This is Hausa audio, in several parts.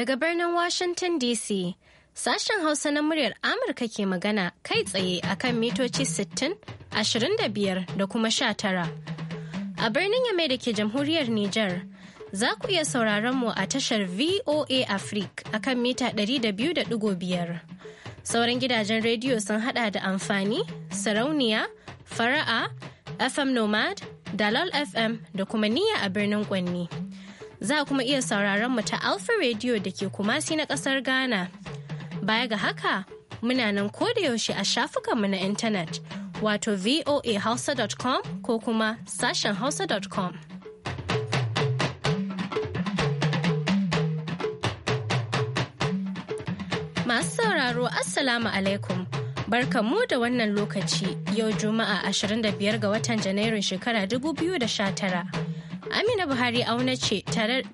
Daga birnin Washington DC, sashen Hausa na muryar Amurka ke magana kai tsaye akan mitoci 60, 25 da kuma 19. A birnin Yamai da ke jamhuriyar Nijar, za ku iya sauraron mu a tashar VOA Africa akan mita 200.5. Sauran gidajen rediyo sun hada da amfani, sarauniya, fara'a, FM Nomad, Dalal FM da kuma niyya a birnin Kwanni. Za a kuma iya sauraron mu ta Alpha Radio da ke kumasi na ƙasar Ghana. Baya ga haka, muna nan ko da yaushe a shafukanmu na intanet wato voahausa.com ko kuma sashen hausa.com. Masu sauraro Assalamu alaikum. barka mu da wannan lokaci yau Juma'a 25 ga watan Janairun shekara 2019. Amina Buhari auna ce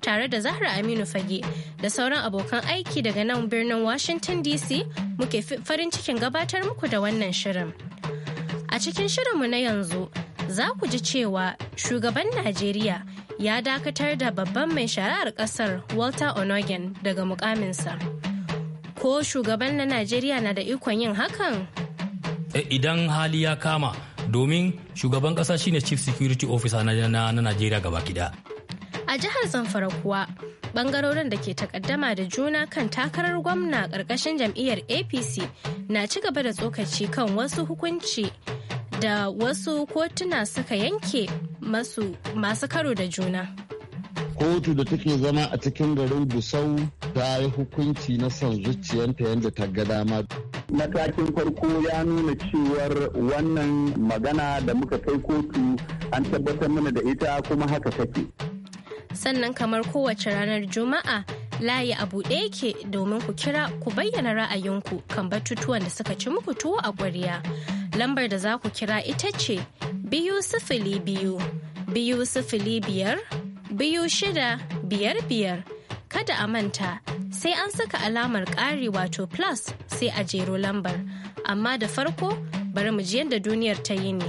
tare da Zahra Aminu Fage da sauran abokan aiki daga nan birnin Washington DC muke farin cikin gabatar muku da wannan shirin. A cikin shirinmu na yanzu za ku ji cewa shugaban Najeriya ya dakatar da babban mai shari'ar ƙasar Walter Onogen daga mukaminsa. Ko shugaban na Najeriya na da ikon yin hakan? Eh, idan hali ya kama. domin shugaban kasa shine chief security officer na najeriya gaba gida. a jihar zamfara kuwa bangarorin da ke takaddama da juna kan takarar gwamna karkashin jam'iyyar apc na ci gaba da tsokaci kan wasu hukunci da wasu kotuna suka yanke masu karo da juna kotu da take zama a cikin garin gusau ta yi hukunci na son zuciyanta yadda ta ga dama matakin farko ya nuna cewar wannan magana da muka kai kotu an tabbatar mana da ita kuma haka take. Sannan kamar kowace ranar Juma'a layi a buɗe yake domin ku kira ku bayyana ra'ayinku kan batutuwan da suka ci muku tuwo a ƙwarya. Lambar da za ku kira ita ce biyu sifili biyu, biyu sifili biyar, biyu shida biyar biyar. kada a manta sai an saka alamar ƙari wato plus sai a jero lambar amma da farko bari mu ji yadda duniyar ta yi ne.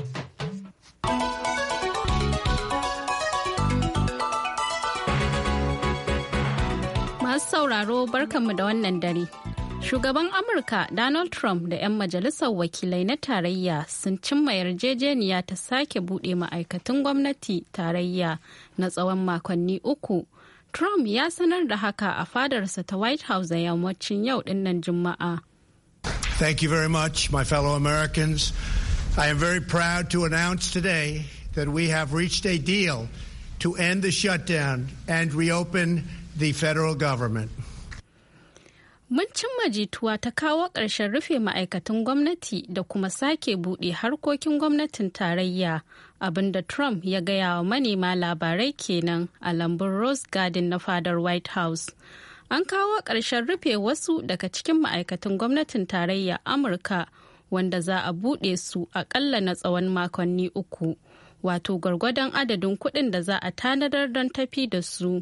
masu sauraro barkanmu da wannan dare. Shugaban Amurka Donald Trump da 'yan majalisar wakilai na tarayya sun cimma yarjejeniya ta sake buɗe ma'aikatan gwamnati tarayya na tsawon makonni uku Trump ya sanar da haka a fadarsa ta White House a yammacin yau nan Juma'a. Thank you very much, my fellow Americans. I am very proud to announce today that we have reached a deal to end the shutdown and reopen the federal government. Mun cimma jituwa ta kawo ƙarshen rufe ma'aikatan gwamnati da kuma sake buɗe harkokin gwamnatin tarayya. abin da trump ya gaya wa manema labarai kenan a lambun rose garden na fadar white house an kawo ƙarshen rufe wasu daga cikin ma'aikatan gwamnatin tarayya amurka wanda za a buɗe su aƙalla na tsawon makonni uku wato gwargwadon adadin kuɗin da za a tanadar don tafi da su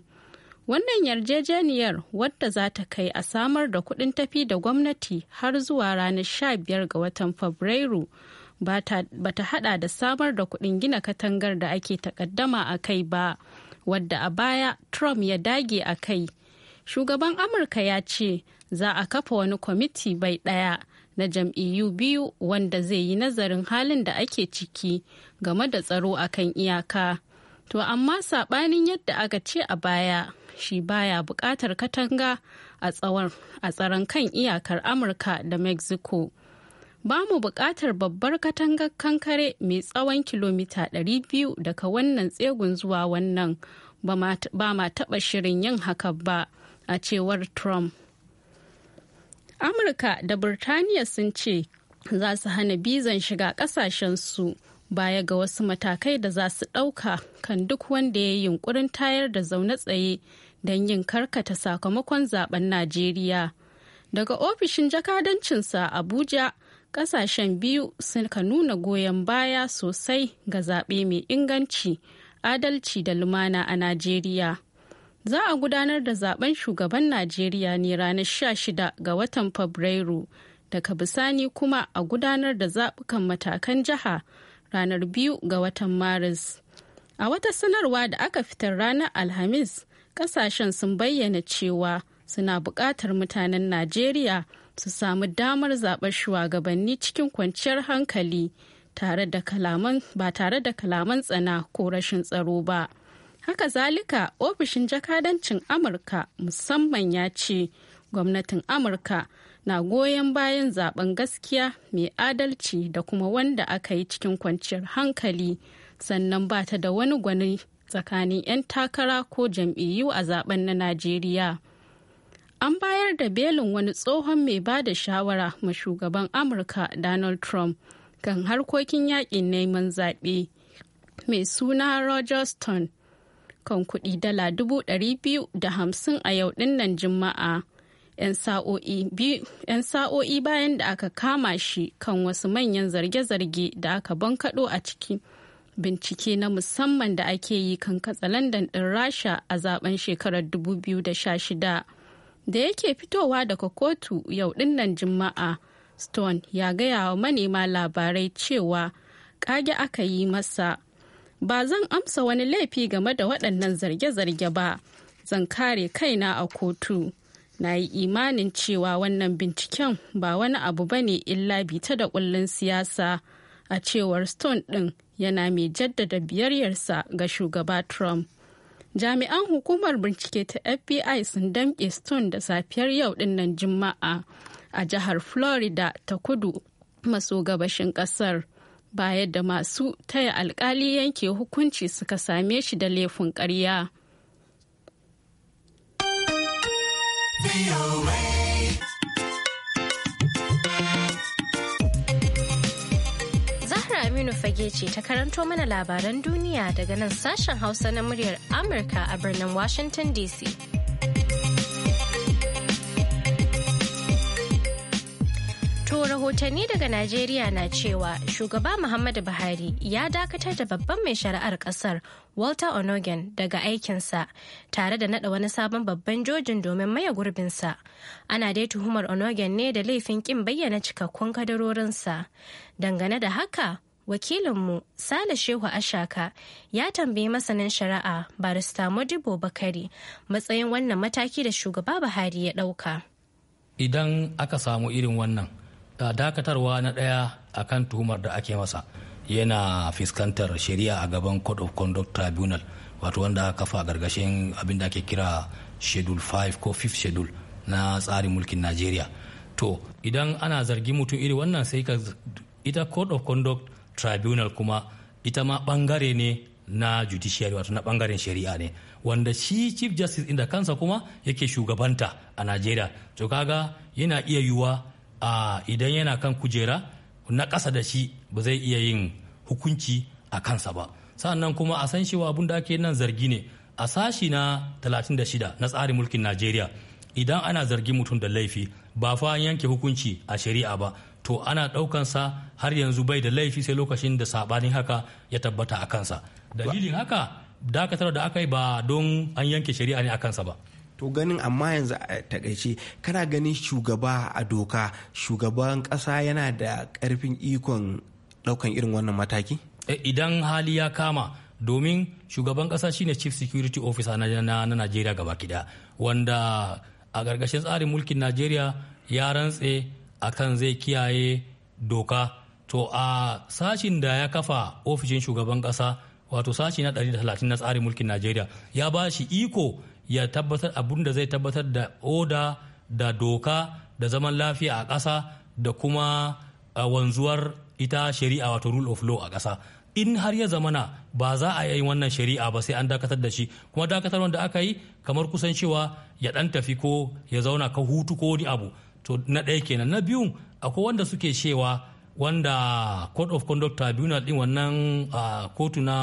wannan yarjejeniyar wadda za ta kai a samar da kuɗin tafi da gwamnati har zuwa ranar 15 ga watan fabrairu ba ta hada da samar da kuɗin gina katangar da ake takaddama a kai ba wadda a baya trump ya dage a kai shugaban amurka ya ce za a kafa wani kwamiti bai ɗaya na jam'iyyu biyu wanda zai yi nazarin halin da ake ciki game da tsaro a kan iyaka to amma saɓanin yadda aka ce a baya shi baya buƙatar katanga a tsaron kan iyakar amurka da mexico ba mu buƙatar babbar katangar kankare mai tsawon kilomita 200 daga wannan tsegun zuwa wannan ba ma taɓa shirin yin haka ba a cewar trump amurka da burtaniya sun ce za su hana bizan shiga ƙasashensu baya ga wasu matakai da za su ɗauka kan duk wanda ya yi yunkurin tayar da zaune tsaye don yin karkata sakamakon zaben najeriya daga ofishin jakadancinsa abuja Ƙasashen biyu suka nuna goyon baya sosai ga zaɓe mai inganci, adalci da lumana a Najeriya. Za a gudanar da zaben shugaban Najeriya ne ranar sha shida ga watan Fabrairu, daga bisani kuma a gudanar da zaɓukan matakan jiha ranar biyu ga watan Maris. A wata sanarwa da aka fitar ranar Alhamis, kasashen sun bayyana cewa suna buƙatar mutanen Najeriya su samu damar zaɓar shugabanni cikin kwanciyar hankali ba tare da kalaman tsana ko rashin tsaro ba. Haka zalika ofishin jakadancin Amurka musamman ya ce gwamnatin Amurka na goyon bayan zaben gaskiya mai adalci da kuma wanda aka yi cikin kwanciyar hankali sannan ba ta da wani gwani tsakanin 'yan takara ko jam'iyyu a zaben na Najeriya. an bayar da belin wani tsohon mai ba da shawara ma shugaban amurka donald trump kan harkokin yakin neman zaɓe mai suna roger stone kan kuɗi dala dubu ɗari biyu da hamsin a yau ɗinnan juma'a 'yan sa'o'i bayan da aka kama shi kan wasu manyan zarge-zarge da aka bankaɗo a ciki bincike na musamman da ake yi kan katsalandan ɗin rasha a zaben shekarar 2016 da yake fitowa daga kotu yau dinnan juma'a stone ya gaya wa manema labarai cewa kage aka yi masa ba zan amsa wani laifi game da waɗannan zarge-zarge ba zan kare kaina a kotu na yi imanin cewa wannan binciken ba wani abu ba ne illa bita da kullun siyasa a cewar stone ɗin yana mai jaddada biyayyarsa ga shugaba trump jami'an hukumar bincike ta fbi sun damƙe stone da safiyar yau dinnan juma'a a jihar florida ta kudu maso gabashin kasar bayan da masu taya alkali yanke hukunci suka same shi da laifin ƙarya. Fage ce ta karanto mana labaran duniya daga nan sashen Hausa na muryar Amurka a birnin Washington DC. To rahotanni daga Najeriya na cewa shugaba Muhammadu Buhari ya dakatar da babban mai shari'ar kasar Walter Onogen daga aikinsa tare da nada wani sabon babban jojin domin maye gurbinsa. Ana dai tuhumar Onogen ne da laifin kin bayyana cikakkun kadarorinsa. Dangane da haka, wakilinmu sale shehu ashaka ya tambayi masanin shari'a barista modibo bakari matsayin wannan mataki da shugaba buhari ya ɗauka idan aka samu irin wannan da dakatarwa na ɗaya akan tuhumar da ake masa yana fuskantar shari'a a gaban code of conduct tribunal wato wanda aka kafa gargashin abin da ake kira schedule 5 ko 5 schedule na tsarin mulkin najeriya to idan ana zargi mutum iri wannan sai ka ita code of conduct tribunal kuma ita ma bangare ne na judiciary wato na bangaren shari'a ne wanda shi chief justice inda kansa kuma yake shugabanta a najeriya to kaga yana iya yiwuwa a idan yana kan kujera na ƙasa da shi ba zai iya yin hukunci a kansa ba sannan kuma a san shi abin da ake nan zargi ne a sashi na 36 na tsarin mulkin najeriya idan ana zargi mutum da laifi ba fa yanke hukunci a shari'a ba to ana ɗaukansa har yanzu bai da laifi sai lokacin da sabanin haka ya tabbata a kansa dalilin haka dakatar da aka yi ba don an yanke shari'a ne a kansa ba to ganin amma yanzu a takaice kana ganin shugaba a doka shugaban kasa yana da ƙarfin ikon daukan irin wannan mataki eh, idan hali ya kama domin shugaban ƙasa shine chief security officer na, na, na najeriya gaba kida wanda a gargashin tsarin mulkin najeriya ya rantse akan zai kiyaye doka to a sashin da ya kafa ofishin shugaban kasa wato sashi na 130 na tsarin mulkin najeriya ya ba shi iko ya tabbatar abun da zai tabbatar da oda da doka da zaman lafiya a kasa da kuma wanzuwar ita shari'a wato rule of law a kasa in har ya zamana ba za a yi wannan shari'a ba sai an dakatar da shi kuma dakatar wanda aka yi kamar kusan cewa ya ɗan tafi ko ya zauna ka hutu ko wani abu to na ɗaya kenan na biyu akwai wanda suke cewa wanda code of conduct tribunal din wannan kotu na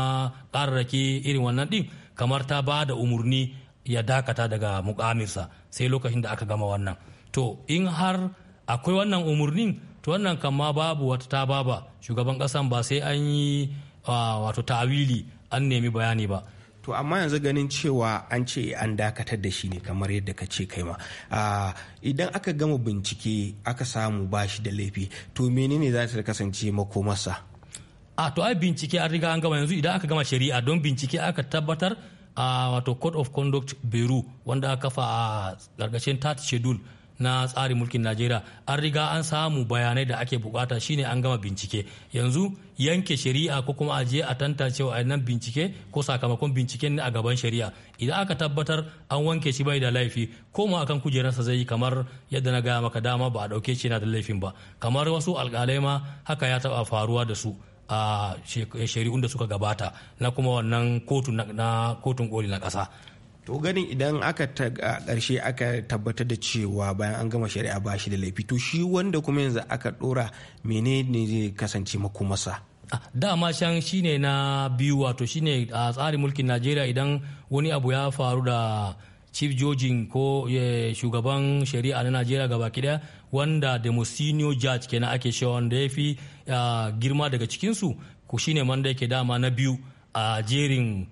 ƙararraki irin wannan din kamar ta ba da umarni ya dakata daga mukamirsa sai lokacin da aka gama wannan to in har akwai wannan umarnin to wannan kama babu wata ta baba shugaban ƙasan ba sai an yi wato ta'awili an nemi bayani ba to amma yanzu ganin cewa an ce an dakatar da shi ne kamar yadda ka ce kai ma idan aka gama bincike aka samu ba shi da laifi to menene za ta kasance makomarsa a to ai bincike an riga an gama yanzu idan aka gama shari'a don bincike aka tabbatar a wato code of conduct beru wanda aka kafa a gargashin tat schedule na tsarin mulkin najeriya an riga an samu bayanai da ake bukata shine an gama bincike yanzu yanke shari'a ko kuma aje a tantancewa a nan bincike ko sakamakon binciken ne a gaban shari'a idan aka tabbatar an wanke shi bai da laifi ko ma akan kujerarsa zai yi kamar yadda na gaya maka dama ba a dauke shi yana da laifin ba kamar wasu alkalai ma haka ya taba faruwa da su a shari'un da suka gabata na kuma wannan kotun na kotun koli na ƙasa to ganin idan aka karshe aka tabbatar da cewa bayan an gama shari'a ba shi da laifi to shi wanda kuma yanzu aka dora menene zai kasance makomasa ah, dama shi shine na biyu wato shine a tsarin mulkin najeriya idan wani abu ya faru da chief jojin ko eh, shugaban shari'a na najeriya gaba daya wanda da senior judge kenan ake cewa wanda ya fi ah, girma daga cikinsu ku shine wanda yake dama na biyu a jerin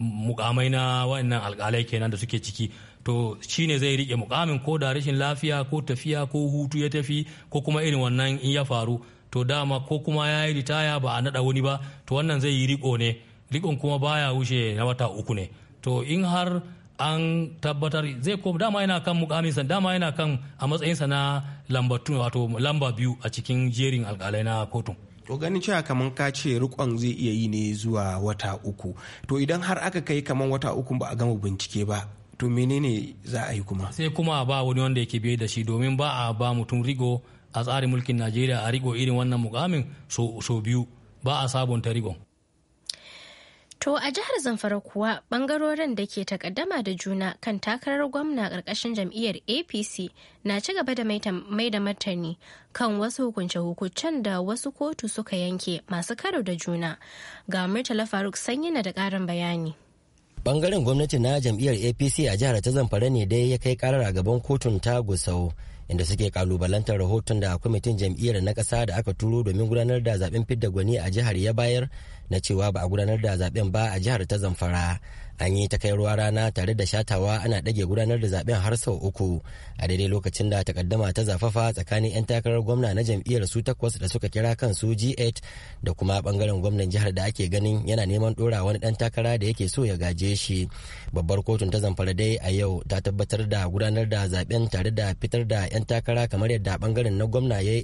mukamai na waɗannan alkalai kenan da suke ciki to shi ne zai rike mukamin ko da rashin lafiya ko tafiya ko hutu ya tafi ko kuma irin wannan in ya faru to dama ko kuma ya yi ritaya ba a naɗa wani ba to wannan zai yi riko ne rikon kuma baya wuce na wata uku ne to in har an tabbatar zai ko dama yana kan mukaminsa dama yana kan a matsayinsa na lamba wato lamba biyu a cikin jerin alkalai na kotun to ganin cewa kamar ka ce rikon zai iya yi ne zuwa wata uku to idan har aka kai kamar wata uku ba a gama bincike ba to menene za a yi kuma sai kuma ba wani wanda yake biye da shi domin ba a ba mutum rigo a tsarin mulkin najeriya a rigo irin wannan mukamin so biyu ba a sabonta rigon To a jihar Zamfara kuwa bangarorin da ke takaddama da juna kan takarar gwamna ƙarƙashin jam'iyyar APC na ci gaba da mai da martani kan wasu hukunce-hukuncen da wasu kotu suka yanke masu karo da juna. Ga Murtala Faruk sanyi na da ƙarin bayani. Bangaren gwamnati na jam'iyyar APC a jihar ta Zamfara ne dai ya kai karar a gaban kotun ta Gusau. inda suke kalubalantar rahoton da kwamitin jam'iyyar na ƙasa da aka turo domin gudanar da zaben fidda gwani a jihar ya bayar na cewa ba a gudanar da zaben ba a jihar ta zamfara an yi ta kai ruwa rana tare da shatawa ana ɗage gudanar da zaben har sau uku a daidai lokacin da takaddama ta zafafa tsakanin 'yan takarar gwamna na jam'iyyar su takwas da suka kira kansu g8 da kuma bangaren gwamnan jihar da ake ganin yana neman ɗora wani dan takara da yake so ya gaje shi babbar kotun ta zamfara dai a yau ta tabbatar da gudanar da zaben tare da fitar da 'yan takara kamar yadda bangaren na gwamna ya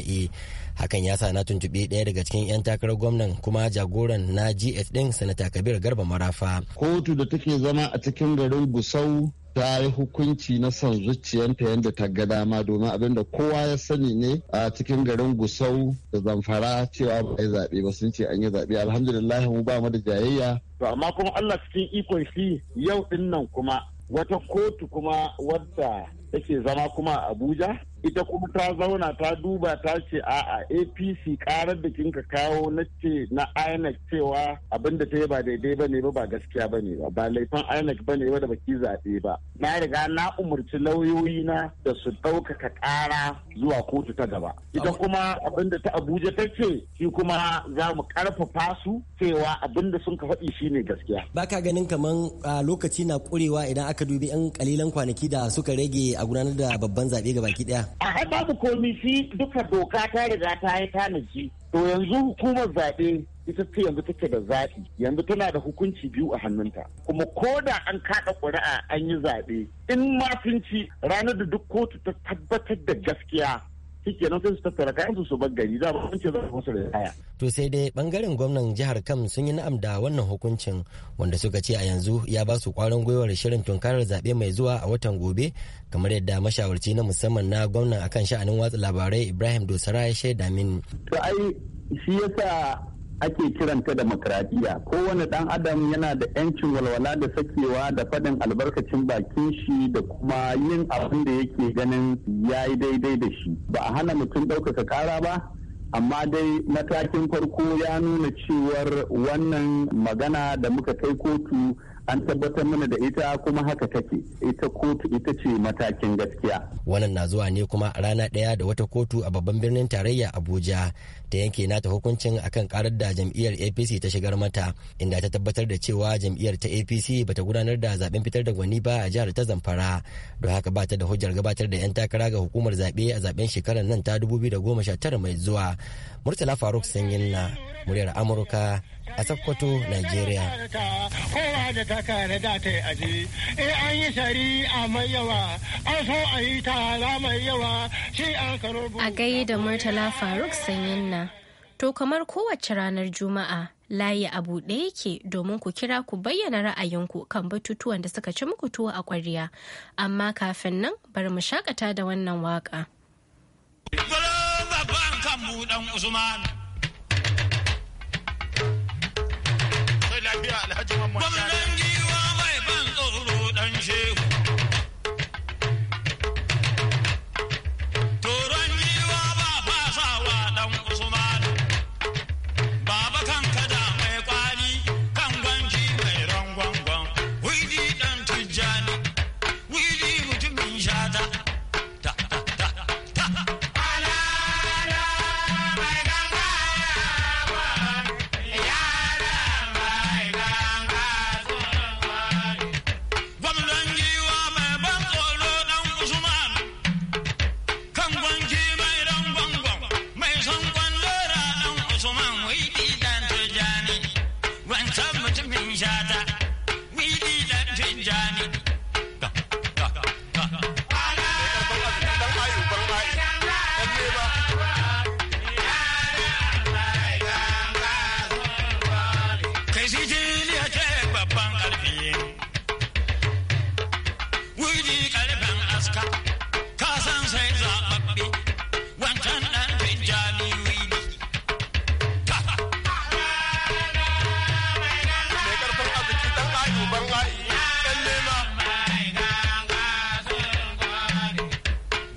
yi hakan ya sa na tuntuɓi ɗaya daga cikin 'yan takarar gwamnan kuma jagoran na GS din sanata Kabir Garba Marafa. Kotu da take zama a cikin garin Gusau ta yi hukunci na son zuciyanta yadda ta ga dama domin abinda kowa ya sani ne a cikin garin gusau da zamfara cewa ba yi zaɓe ba sun ce an yi zaɓe alhamdulillah mu ba mu da jayayya to amma kuma allah cikin ikon shi yau din nan kuma wata kotu kuma wadda take zama kuma a abuja ita kuma ta zauna ta duba ta ce a a apc karar da kinka kawo na ce na inec cewa abin da ta yi ba daidai ba ne ba gaskiya ba ne ba ba laifin inec ba ne ba da baki zaɓe ba na riga na umarci lauyoyi na da su ɗaukaka ƙara zuwa kotu ta gaba ita kuma abin ta abuja ta ce shi kuma za mu ƙarfafa su cewa abin da sun ka faɗi shine gaskiya ba ka ganin kaman lokaci na ƙurewa idan aka dubi 'yan kalilan kwanaki da suka rage a gudanar da babban zaɓe ga baki ɗaya a ai babu komi shi duka doka ta riga ta yi tanaji to yanzu hukumar zaɓe ita ce yanzu take da zaɓi yanzu tana da hukunci biyu a hannunta kuma ko da an kaɗa ƙuri'a an yi zaɓe in masunci ranar da duk kotu ta tabbatar da gaskiya nan sai su tattara kayan su su bar gari da a ce za su da to sai dai bangaren gwamnan jihar Kam sun yi na'am da wannan hukuncin wanda suka ce a yanzu ya ba su kwarin gwiwar shirin tunkarar zaɓe mai zuwa a watan gobe kamar yadda mashawarci na musamman na gwamnan akan sha'anin watsa labarai Ibrahim Dosara ya shaida mini. to ai shi yasa ake kiranta demokradiyya kowane ɗan adam yana da 'yancin walwala da sakewa da faɗin albarkacin bakin shi da kuma yin abin da yake ganin ya yi daidai da shi ba a hana mutum ɗaukaka kara ba amma dai matakin farko ya nuna cewar wannan magana da muka kai kotu an tabbatar mana da ita kuma haka take ita kotu ita ce matakin gaskiya wannan na zuwa ne kuma rana ɗaya da wata kotu a babban birnin tarayya abuja ta yanke nata hukuncin akan karar da jam'iyyar apc ta shigar mata inda ta tabbatar da cewa jam'iyyar ta apc bata gudanar da zaben fitar da gwani ba a jihar ta zamfara don haka ba ta da hujjar gabatar da 'yan takara ga hukumar zaɓe a zaben shekarar nan ta 2019 mai zuwa murtala faruk sanyin na muryar amurka a Sokoto, Nigeria. Kowa da da da ta aji, eh, an yi shari'a mai yawa, an so a yi tara mai yawa, shi an karo A gai da Murtala Faruk Sanyin na. To kamar kowace ranar Juma'a, layi a buɗe yake domin ku kira ku bayyana ra'ayinku kan batutuwan da suka ci muku tuwo a ƙwarya. Amma kafin nan bari mu shakata da wannan waƙa. Bala baban kan buɗan Usman. lafiya alhaji mamman giwa mai ban tsoro dan shehu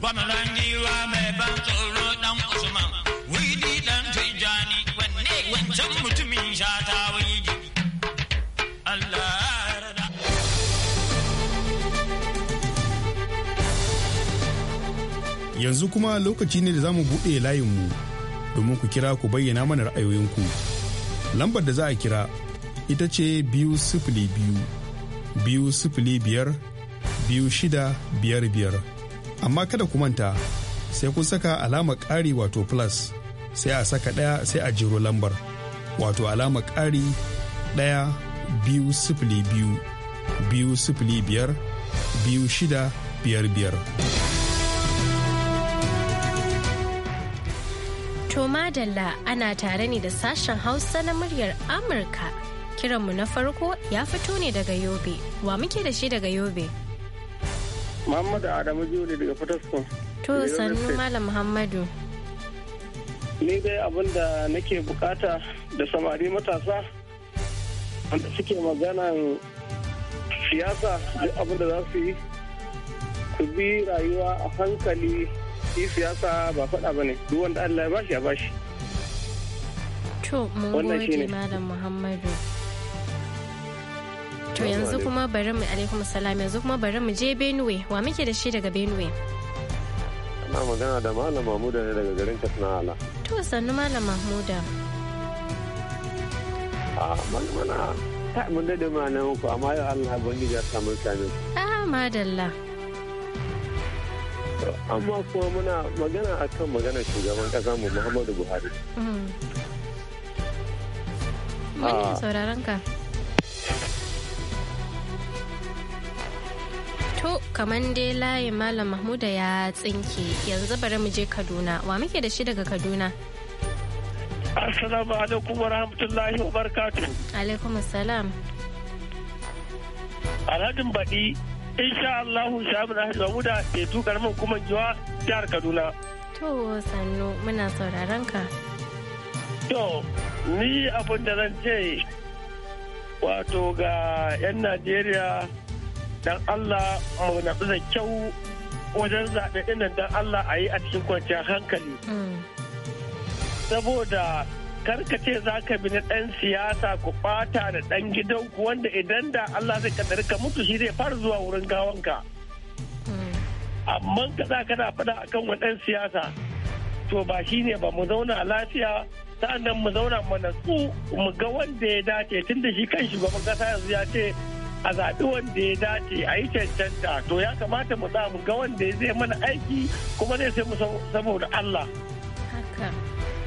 mai tsoro ɗan usman mutumin shata yanzu kuma lokaci ne da za mu buɗe layinmu domin ku kira ku bayyana mana ra'ayoyinku lambar da za a kira ita ce biyu sifili biyu biyu sifili biyar biyu shida biyar biyar amma kada ku manta sai kun saka alama ƙari wato plus sai a saka ɗaya sai a jiro lambar wato alama ƙari ɗaya biyu sifili biyu biyu sifili biyar biyu shida biyar biyar. madalla ana tare ne da sashen hausa na muryar Amurka kiranmu na farko ya fito ne daga Yobe wa muke da shi daga Yobe. Muhammadu Adamu Juli daga Fatasko. To sannu Malam Muhammadu. Ni dai abin da nake bukata da samari matasa wanda suke maganan siyasa duk abin da za su yi ku bi rayuwa a hankali yi siyasa ba faɗa ba ne duk wanda Allah ya bashi ya bashi. To mun gode Malam Muhammadu. To yanzu kuma bari mu alaikum salam yanzu kuma bari mu je Benue wa muke da shi daga Benue. Ana magana da Malam Mahmuda ne daga garin Katsina To sannu Malam Mahmuda. A ah, malamana ta mun da da mana muku amma yau Allah bangi ya samu sami. Ah madalla. Amma kuma muna magana akan magana shugaban kasa mu Muhammadu Buhari. Mm. Ah. Mun sauraron ka. To, kaman dai layin Malam Mahmuda ya tsinke yanzu bari mu je Kaduna. Wa muke da shi daga Kaduna? Assalamu alaikum warahmatullahi rahmatullahi wa Alaikum assalam. Aladin baɗi, insha Allah Shamin Ahmed Mahmuda ke tukar min kuma jiwa jihar Kaduna. To, sannu muna sauraron ka. To, ni abin da zan ce wato ga 'yan Najeriya dan Allah mu natsu da kyau wajen zaɓe ɗin nan dan Allah a yi a cikin kwanciyar hankali. Hmm. Saboda karkace za ka bi na ɗan siyasa ku ɓata da ɗan gidanku wanda idan da Allah zai kaddari ka mutu shi zai fara zuwa wurin gawanka. Hmm. Amma ka za kana faɗa akan wa ɗan siyasa to ba shi ne ba mu zauna lafiya sa'an nan mu zauna mu natsu mu ga wanda ya dace tun da shi kan shugaban kasa yanzu ya ce a zaɓi wanda ya dace a yi cancanta to ya kamata mu sa mu ga wanda zai mana aiki kuma zai sai mu saboda Allah.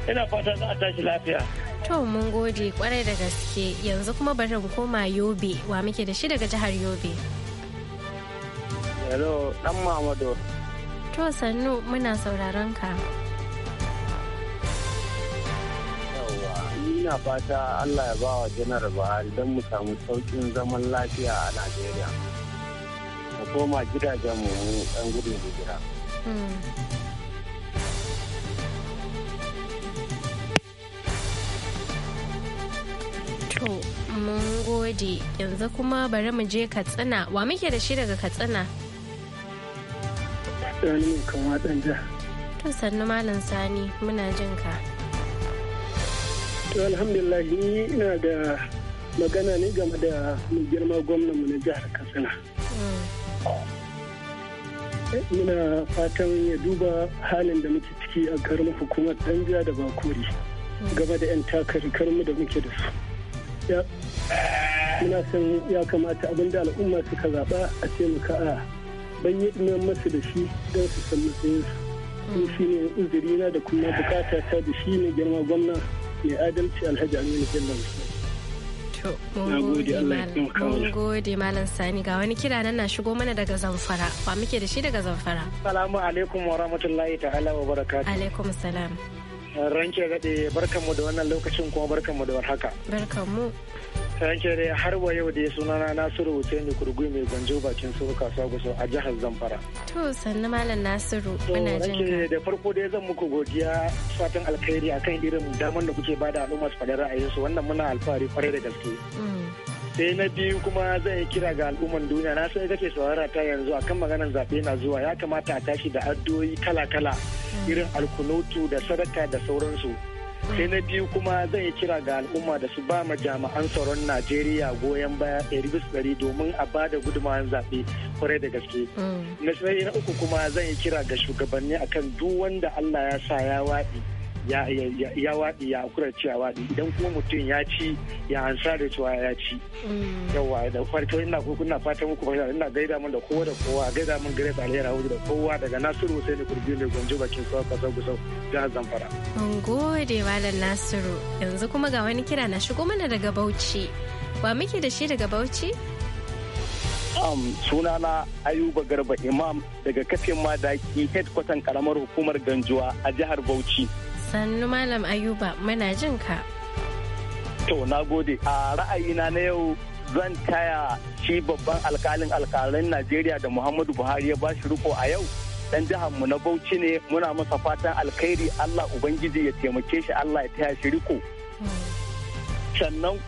Ina fata za a tashi lafiya. To mun gode kwarai da gaske yanzu kuma bari mu koma Yobe wa muke da shi daga jihar Yobe. Hello, dan Mamadu. To sannu muna sauraron ka. ina fata allah ya ba wa janar buhari don mu samu saukin zaman lafiya a najeriya mu koma gidajen mu ɗan gudun hijira To, mun gode yanzu kuma bari mu je Katsina. Wa muke da shi daga Katsina? Sani kuma ɗan ja. To sannu Malam Sani muna jin ka. to alhamdulillah ni ina da magana ne game da mai girma gwamnanmu na jihar katsina muna fatan ya duba halin da muke ciki a garin hukumar danja da bakuri game da 'yan takarkarmu da muke da su muna son ya kamata abinda al'umma suka zaɓa a ce taimaka a na masu da shi don su san matsayinsu shi ne na da kuma bukata ta da shi ne girma gwamna mai adalci alhaji aminu bello Mun gode Malam Sani ga wani kira nan na shigo mana daga Zamfara. Wa muke da shi daga Zamfara? Salamu alaikum wa rahmatullahi ta'ala wa barakatuh. Alaikum salam. Ranke gade barkanmu da wannan lokacin kuma barkanmu da warhaka. Barkanmu. Yanke dai har wa yau da ya sunana Nasiru Hussaini Kurgui mai gwanjo bakin suru kasuwa gusa a jihar Zamfara. To sannu Malam Nasiru muna jin ka. da farko dai zan muku godiya fatan alkhairi akan irin damar da kuke bada al'umma su faɗi su wannan muna alfahari kwarai da gaske. Mm. sai na biyu kuma zan yi kira ga al'umman duniya na sai kake saurara ta yanzu akan maganar zaɓe na zuwa ya kamata a tashi da addu'o'i kala-kala mm. irin alkunutu da sadaka da sauransu. sai na biyu kuma zan yi kira ga al'umma da su ba ma jami'an tsaron najeriya goyon baya ɗari bisu ɗari domin a ba da gudunmawar zaɓe kwarai da gaske mm. na uku kuma zan yi kira ga shugabanni akan duk wanda allah ya sa ya waɗi ya ya waɗi ya kura cewa waɗi idan kuma mutum ya ci ya ansa da cewa ya ci mm. yawa da farko ina ko kuna fatan muku fahimta ina gaida mun da kowa da kowa gaida mun gare da alheri da kowa daga Nasiru ne Kurbi ne gonjo bakin kowa kasa gusau da Zamfara mun gode malam Nasiru yanzu kuma ga wani kira na shigo mana daga Bauchi wa muke da shi daga Bauchi um, sunana ayuba garba imam daga kafin madaki headquarter karamar hukumar ganjuwa a jihar bauchi sannu malam ayuba muna jin ka to na gode a ra'ayina na yau zan taya shi babban alkalin alkalin najeriya da muhammadu buhari ya bashi riko a yau dan jihar mu na bauchi ne muna masa fatan alkhairi allah ubangiji ya taimake shi allah ya taya shi riko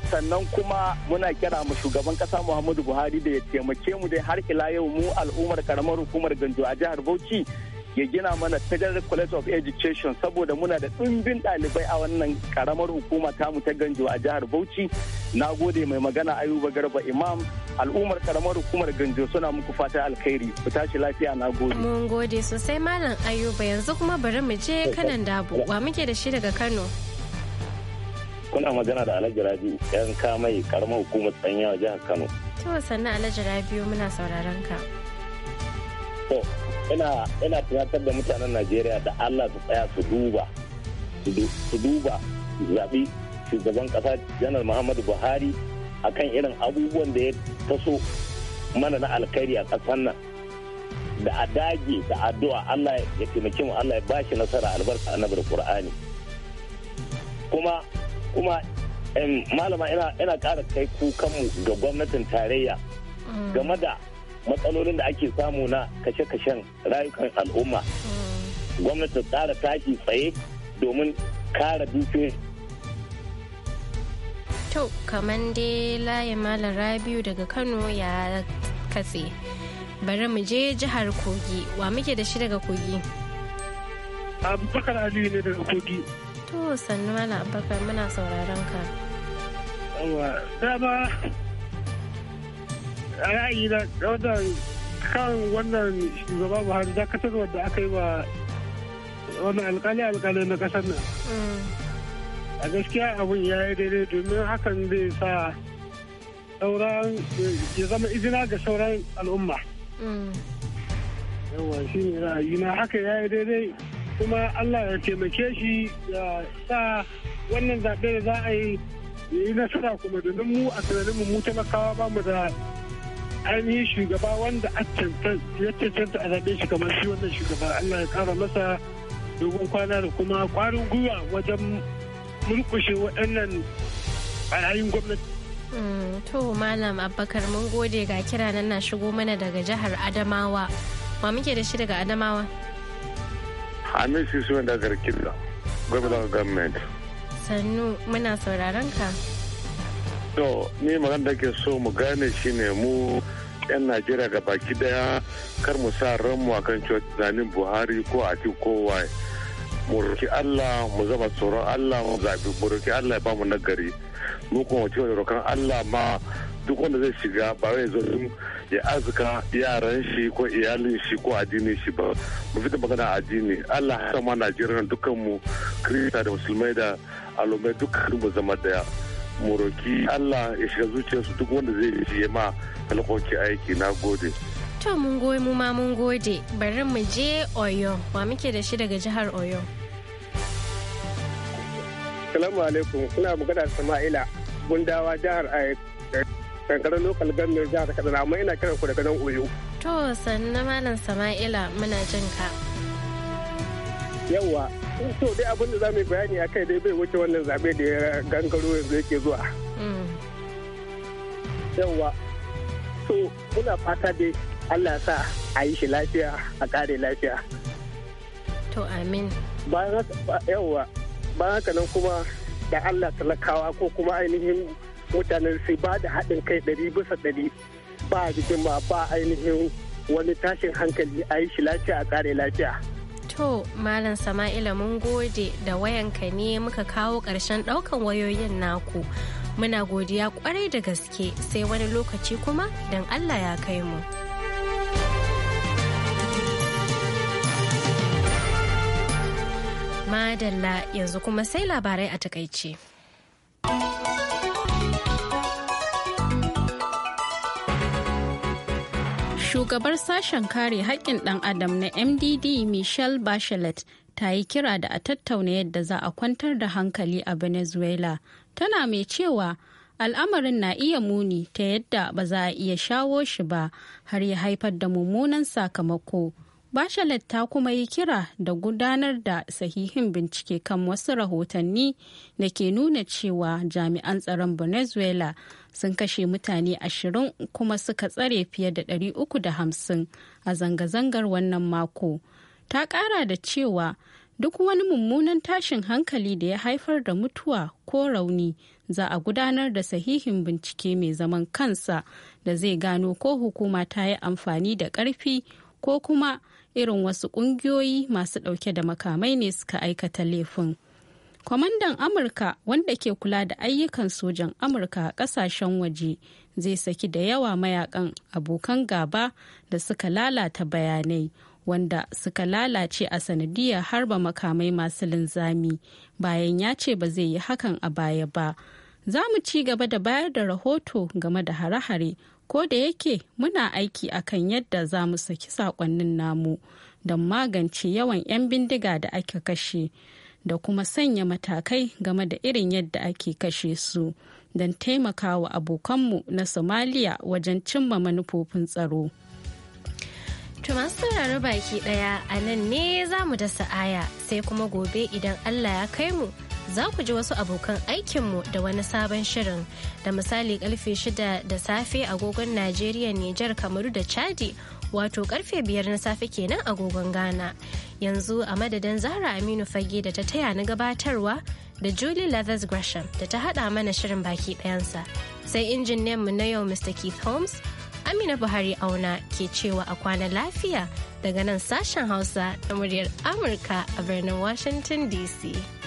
sannan kuma muna kira mu shugaban kasa muhammadu buhari da ya taimake mu dai har ila yau mu al'ummar karamar hukumar ganjo a jihar bauchi ya gina mana federal college of education saboda muna da ɗimbin ɗalibai a wannan karamar hukuma tamu ta ganjo a jihar bauchi na gode mai magana ayuba garba imam al'ummar karamar hukumar ganjo suna muku fata alkhairi ku tashi lafiya na gode mun gode sosai malam ayuba yanzu kuma bari mu je kanan dabo wa muke da shi daga kano kuna magana da alhaji rabi'u yan kamai karamar hukumar a jihar kano to sannan alhaji rabi'u muna sauraron ka ina ina tunatar da mutanen najeriya da allah su tsaya su duba su duba zaɓi shugaban ƙasa janar muhammadu buhari akan irin abubuwan da ya taso mana na alkhairi a ƙasar nan da a dage da addu'a allah ya taimake mu allah ya ba shi nasara albarka annabar qur'ani kuma kuma malama ina ƙara kai kukanmu ga gwamnatin tarayya mm. game da matsalolin da ake samu na kashe-kashen rayukan al'umma gwamnati ta tsara tashi tsaye domin kara dukiyoyin to kaman dai layi rabiu daga kano ya katse bari mu je jihar kogi wa muke da shi daga kogi abubakar aliyu ne daga kogi to sannu malam abubakar muna sauraron ka dama ra'ayi na wannan kan wannan shugaba buhari dakatar wadda aka yi wa wannan alkali alkali na kasar nan a gaskiya abun ya yi daidai domin hakan zai sa sauran ya zama izina ga sauran al'umma yawa shi ne ra'ayi na haka ya yi daidai kuma allah ya taimake shi ya sa wannan zaɓe da za a yi ya yi nasara kuma domin mu a mu mu talakawa ba mu da ainihin shugaba wanda ya cancanta a zaɓe shi kamar shi wannan shugaba Allah ya kara masa dogon kwana da kuma kwarin gwiwa wajen mulkushe waɗannan yayin gwamnati. Mm, to Malam Abubakar mun gode ga kira nan na shigo mana daga jihar Adamawa. Ma muke da shi daga Adamawa? su Yusuf da Garkilla, gwamnan gwamnati. Sannu muna sauraron ka. To, ni magana da ke so mu gane shi ne mu 'yan najeriya ga baki daya kar mu sa ranmu akan cewa tunanin buhari ko a kowa mu roki allah mu zama tsoron allah mu zaɓi mu roki allah ya ba mu nagari mu kuma wani rokan allah ma duk wanda zai shiga ba wai zo ya azuka yaran shi ko iyalin shi ko addinin shi ba mu fita magana addini Allah ya sama Najeriya dukkan mu kirista da musulmai da alumai dukkan mu zama daya moroki Allah ya shiga zuciyarsu duk wanda zai yi ma alƙoki aiki na gode. To mun goyi mu ma mun gode bari mu je Oyo wa muke da shi daga jihar Oyo. Salamu alaikum suna magana Sama'ila gundawa jihar eh, kankarar lokal government jihar Kaduna amma ina kiran ku daga nan Oyo. To sannan malam Sama'ila muna jin ka. Yawwa to dai abin da za mu bayani a kai dai bai wuce wannan zaɓe da ya gangaro yanzu yake zuwa yawwa to muna fata dai allah sa a yi shi lafiya a kare lafiya to amin yawwa ba haka nan kuma da allah talakawa ko kuma ainihin mutanen su ba da haɗin kai ɗari bisa ɗari ba jikin ba ainihin wani tashin hankali a yi shi lafiya a kare lafiya To, Malam Sama'ila mun gode da wayanka ne muka kawo ƙarshen ɗaukan wayoyin naku. Muna godiya ƙwarai da gaske sai wani lokaci kuma don Allah ya kai mu. Madalla yanzu kuma sai labarai a takaice. Shugabar sashen kare haƙƙin ɗan Adam na MDD Michelle Bachelet ta yi kira da a tattauna yadda za a kwantar da hankali a Venezuela. Tana mai cewa al'amarin na iya muni ta yadda ba za a iya shawo shi ba har ya haifar da mummunan sakamako. Bachelet ta kuma yi kira da gudanar da sahihin bincike kan wasu rahotanni da ke nuna cewa jami'an tsaron Venezuela sun kashe mutane ashirin kuma suka tsare fiye da ɗari uku da hamsin a zanga-zangar wannan mako. Ta ƙara da cewa duk wani mummunan tashin hankali da ya haifar da mutuwa ko rauni za a gudanar da sahihin bincike mai zaman kansa da zai gano ko hukuma ta yi amfani da ƙarfi ko kuma irin wasu ƙungiyoyi masu ɗauke da makamai ne suka aikata laifin. Kwamandan Amurka wanda ke kula da ayyukan sojan Amurka a ƙasashen waje zai saki da yawa mayakan abokan gaba da suka lalata bayanai wanda suka lalace a sanadiyar harba makamai masu linzami bayan ya ce ba zai yi hakan a baya ba. Za mu ci gaba da bayar da rahoto game da hare-hare ko da yake muna aiki akan yadda za mu saki sakonnin namu don magance yawan 'yan bindiga da ake kashe da kuma sanya matakai game da irin yadda ake kashe su don taimakawa abokanmu na somaliya wajen cimma manufofin tsaro. To masu sauraro baki daya a nan ne za mu dasa aya sai kuma gobe idan Allah ya kai mu za ku ji wasu abokan aikinmu da wani sabon shirin da misali karfe shida da safe agogon Najeriya, Nijar, Kamaru da Chadi wato karfe biyar na safe kenan agogon Ghana. Yanzu a madadin Zahra Aminu Fage da ta taya na gabatarwa da Julie Leathers Gresham da ta haɗa mana shirin baki ɗayansa. Sai injin nemu na yau Mr. Keith Holmes, Amina Buhari auna ke cewa a kwana lafiya daga nan sashen Hausa na muryar Amurka a birnin Washington DC.